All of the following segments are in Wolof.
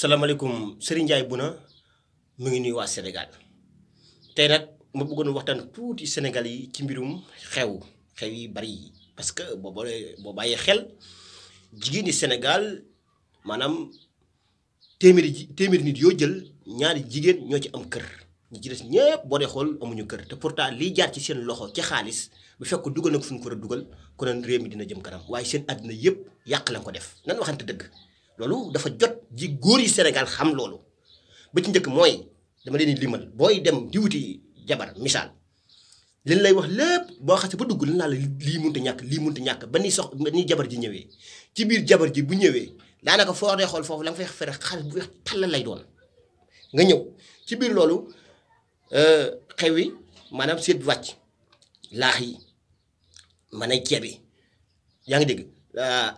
salaamaaleykum Serigne bu na mu ngi nuyu waa Sénégal tey nag ma buggoon waxtaan tuuti senegal yi ci mbirum xew xew yi bari yi parce que boo boo bàyyee xel jigéen ñi Sénégal maanaam téeméeri ji téeméeri nit yoo jël ñaari jigéen ñoo ci am kër. ñi ci des ñëpp boo dee xool amuñu kër te pourtant lii jaar ci seen loxo ci xaalis bu fekk dugal na ko fu ñu ko war a dugal konoon réew mi dina jëm kanam waaye seen àddina yëpp yàq lañ ko def nan waxante dëgg. loolu dafa jot ji góor yi Sénégal xam loolu ba ci njëkk mooy dama leen di limal booy dem di jabar misaal liñ lay wax lépp boo xasee ba dugg naa la lii mun a ñàkk lii mënut a ñàkk ba ni sox ba ni jabar ji ñëwee ci biir jabar ji bu ñëwee daanaka foo dee xool foofu la nga fay fere xaalis bu weex tàll lay doon ñëw ci biir loolu euh, xew yi maanaam seet wàcc laax yi mën ay ceeb yi yaa ngi dégg euh,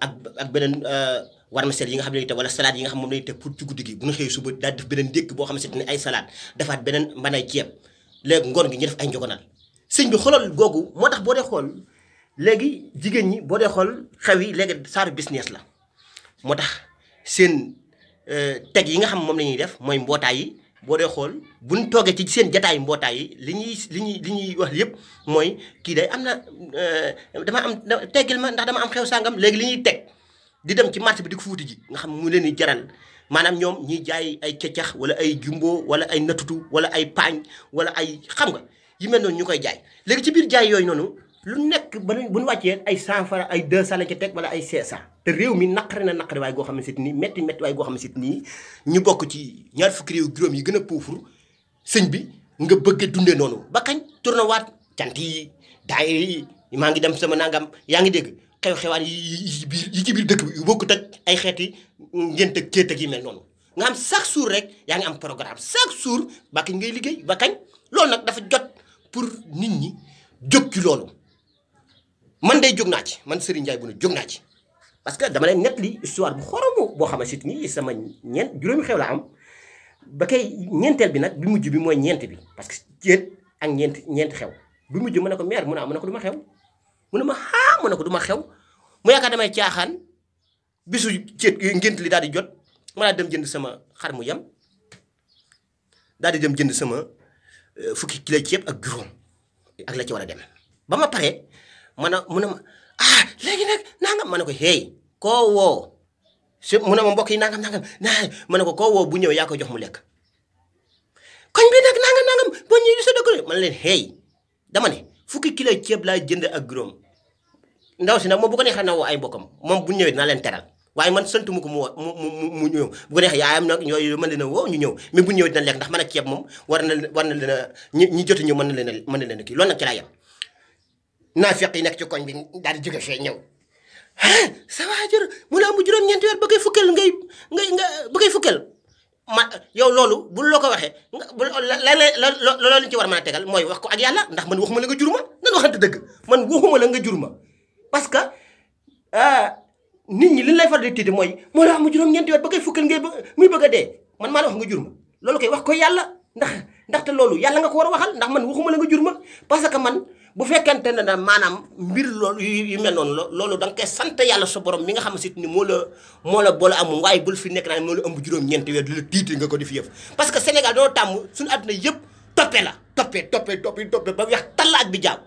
ak beneen euh, war ma sel yi nga xam ne te wala salade yi nga xam moom lañu te pour ci guddi gi bu ñu xëyee suba daal def beneen dékk boo xam ne ne ay salade dafaat beneen mën ay ceeb léegi ngoon gi ñu def ay njogonal sëñ bi xoolal googu moo tax boo dee léegi jigéen ñi boo dee xool xew yi léegi saaru business la moo tax seen euh, teg yi nga xam moom la ñuy def mooy mbootaay yi boo dee xool bu ñu toogee ci seen jataay mbootaay yi li ñuy li ñuy li ñuy wax yëpp mooy kii day am na euh, dama am teggil ma ndax dama am xew sàngam léegi li ñuy teg di dem ci marché bi di ko ji nga xam mu leen di jaral maanaam ñoom ñiy jaay ay keccax wala ay jumbo wala ay natutu wala ay paañ wala ay xam nga yi mel noonu ñu koy jaay léegi ci biir jaay yooyu noonu lu nekk ba bu ñu wàccee ay 100 francs ay 200 lañ ci teg wala ay 500 te réew mi naqari na naqari waay goo xam ne sit nii métti métti waaye goo xam ne sit nii ñu bokk ci ñaar fukki réew juróom yi gën a pauvre sëñ bi nga bëgg a dundee noonu ba kañ tournawaat cant yi daay yi maa ngi dem sama nangam yaa ngi dégg xew-xewaan yi biir yi ci biir dëkk bi yu bokk ak ay xeeti ngént ak céet ak yi noonu nga am chaque jour rek yaa ngi am programme chaque jour ba kañ ngay liggéey ba kañ loolu nag dafa jot pour nit ñi jóg ci loolu man day jóg naa ci man Serigne Ndiaye bu ne jóg naa ci parce que dama leen nettali histoire bu xoromu boo xamante ni sama ñeent juróomi xew la am ba kay ñeenteel bi nag bi mujj bi mooy ñeent bi parce que céet ak ñeent ñeent xew bi mujj ma ne ko meer mun a am ne ko du ma xew mu ne ma haa mu ne ko du ma xew mu yaakaar damay caaxaan bisu céet ngént li daal di jot ma daal dem jënd sama xar mu yem daal di dem jënd sama euh, fukki kilo ceeb ak juróom ak la ci war a dem ba ma pare ma ne mu ne ma ah léegi nag nangam ma ne ko hey koo woo su mu ne ma mbokk yi nangam nangam naa ma ne ko koo woo bu ñëwee yaa ko jox mu lekk koñ bi nag nangam nangam boo ñëwee sa dëkk man leen hey dama ne. fukki kilo ceeb laa jënd ak juróom ndax si nag moom bu ko neexee na woo ay mbokkam moom bu ñëwee dinaa leen teral waaye man sant mu ko mu mu mu ñëw bu ko neexee ñooy mën leen a woo ñu ñëw mais bu ñëwee dina lekk ndax man ak ceeb moom war na war na leen ñi ñi jot a ñëw mën na leen a mën na leen a kii loolu nag ci naa fekk yi nekk ci koñ bi daal di jóge fee ñëw ah sa waajur mu ne am juróom-ñeenti ba koy fukkal nga ba koy ma yow loolu bul la ko waxee bu leneen loolu ñu ci war maa tegal mooy wax ko ak yàlla ndax man waxuma la nga jur ma nan waxante dëgg man waxuma la nga jur ma parce que euh, nit ñi li lay faral di tiiti mooy moo la wax mu juróom-ñeenti yoon ba koy fukkal ngee muy bëgg a dee man maa la wax nga jur loolu koy wax ko yàlla ndax ndaxte loolu yàlla nga ko war a waxal ndax man waxuma la nga jur ma parce que man bu fekkente ne da maanaam mbir loolu yu mel noonu loolu da nga koy sant yàlla sa borom mi nga xam si ni moo la moo la boole amum waaye bul fi nekk naa moo la ëmb juróom-ñeenti weer di nga ko di fi yëf parce que Sénégal doo tàmm suñu àdduna yëpp toppee la toppee toppee toppee toppee ba weex bi jaaw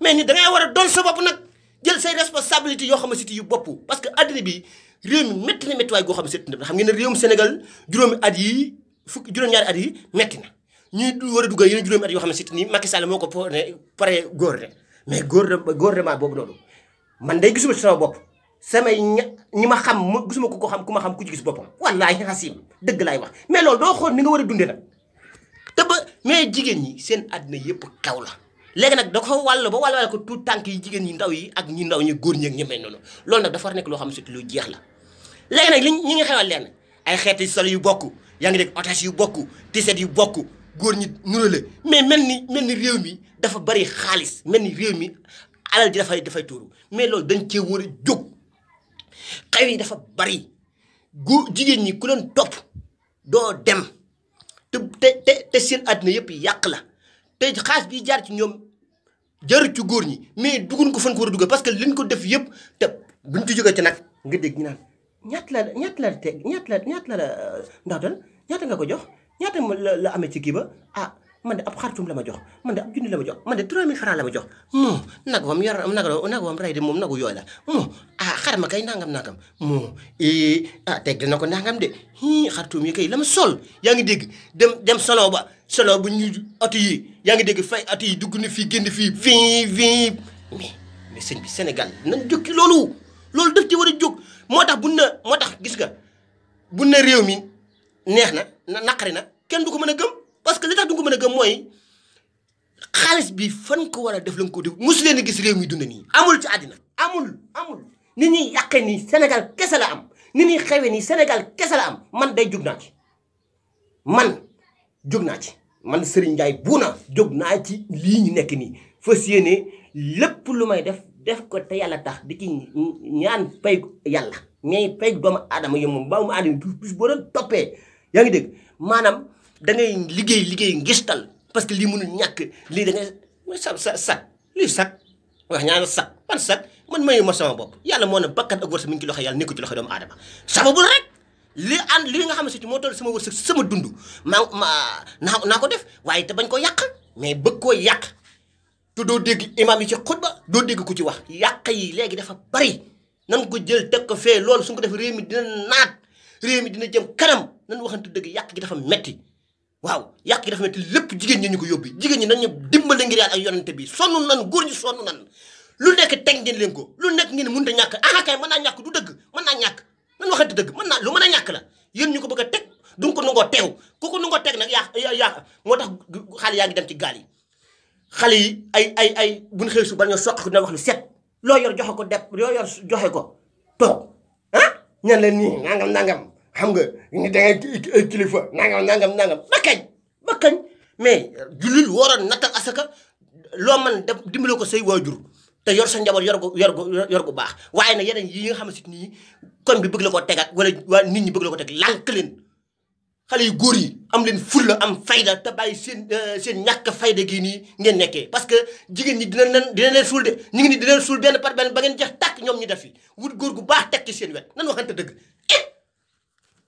mais ni da ngay war a doon sa bopp nag jël say responsabilité yoo xam ne si yu bopp parce que àdduna bi réew mi métti na métti waay goo xam ne xam na ne réewum Sénégal juróomi at yi fukki juróom-ñaari at yi métti na ñuy war a dugg yeneen juróomi at yoo xam ne surtout ni Macky Sall moo ko pare góor de mais góor de góor de maa boobu noonu man day gisuma ci sama bopp samay ña ñi ma xam ma gisuma ku ko xam ku ma xam ku ci gis boppam wallaahi xasim dëgg laay wax mais loolu doo xool ni nga war a dundee nag te ba mais jigéen ñi seen àddina yëpp kaw la léegi nag da ko wàll ba wàll wàll ko tout tànk yi jigéen ñi ndaw yi ak ñi ndaw ñi góor ñi ak ñemee noonu loolu nag dafa war nekk loo xam ne surtout lu jeex la léegi nag li ñu ngi xewal leen ay xeeti sol yu bokk yaa ngi dégg otage yu bokk tiset yu bokk góor ñi nurale mais mel ni mel ni réew mi dafa bari xaalis mel ni réew mi alal ji dafay dafay tuuru mais loolu dañ cee war a jóg xew dafa bari góor jigéen ñi ku leen topp doo dem te te te seen àddina yëpp yàq la te xaalis bi jaar ci ñoom jar ci góor ñi mais dugun ko fan ko war dugal parce que liñ ko def yëpp te buñ ci jógee ci nag nga dégg ñu naan la ñaata la te ñaata la ñaata la la euh, ndax dal ñaata nga ko jox ñaata ma la la amee ci kii ba ah man de ab xartum la ma jox man de ab junni la ma jox man de 3000 francs la ma jox nag wam yor nag nag wam rey de moom nagu yooy la moo ah xar ma kay nangam nangam moo eh, ah teg dina ko nangam de xartum yi kay la ma sol yaa ngi dégg dem dem solo ba solo bu ñu oto yi yaa ngi dégg fay oto yi dugg na fii génn fii fii fii mais mais sëñ bi Sénégal nañ jukki loolu loolu daf ci war a jóg moo tax bu na moo tax gis nga bu na réew mi neex na naqari na kenn du ko mën a gëm parce que li tax du ko mën a gëm mooy xaalis bi fan ko war a def la nga ko def mosu leen a gis réew mi dund nii. amul ci àddina amul amul ni ñuy yàqee ni senegal kese la am ni ñuy xewee nii senegal kese la am man day jug naa ci man jug naa ci man Serigne Ndiaye buuna jug naa ci lii ñu nekk ni fas yéene lépp lu may def def ko te yàlla tax di ci ñaan pay yàlla mais pay doomu aadama yi moom ba mu aadama bis boo doon toppee. yaa ngi dégg maanaam da liggéey liggéey ngistal parce que lii mënul ñàkk lii da ngay sa sa sac lii wax ñaana sac ban sac man mayu ma sama bopp yàlla moo ne bakkan ak wërsëg mi ngi ci loxo yàlla nekku ci loxo doomu aadama sababul rek lii ànd lii nga xam ne si moo toll sama wërsëg sama dund maa ma naa naa ko def waaye te bañ ko yàq mais bëgg koo yàq te doo dégg imaam yi ci xutba doo dégg ku ci wax yàq yi léegi dafa bari nan ko jël teg ko fee loolu su ko def réew mi dina naat réew mi dina jëm kanam nañ waxante dëgg yàq gi dafa metti waaw yàq gi dafa metti lépp jigéen ñi ñu ko yóbbi jigéen ñi nañu dimbale ngir yàlla ak yonente bi sonn nan góor ñi sonn nan lu nekk teg ngeen leen ko lu nekk ngeen mënut a ñàkk ah kay mën naa ñàkk du dëgg mën naa ñàkk nañ waxante dëgg mën naa lu mën a ñàkk la yéen ñu ko bëgg teg du ko nangoo teew ku ko nangoo teg nag yaa yaa moo tax xale yaa ngi dem ci gaal yi xale yi ay ay ay buñ xëy su ba ñoo soq ko dina wax lu set loo yor joxe ko def loo yor joxe ko toog ah ñan leen nii nangam nangam xam nga ni da ngay kilifa nangam nangam nangam ba kañ ba kañ mais jullit waroon natal asaka loo man dem dimbale ko say waajur te yor sa njaboot yor gu yor gu yor gu baax waaye na yeneen yii nga xam si nii kon bi bëgg la koo tegaat wala waa nit ñi bëgg la teg lànk leen xale yu góor yi am leen fulla am fayda te bàyyi seen euh, seen ñàkk fayda gii nii ngeen nekkee parce que jigéen ñi dina leen dina suul de ngi ni dina leen suul benn ba ngeen jeex tàkk ñoom ñu def fi wut góor gu baax teg ci seen wet nan waxante dëgg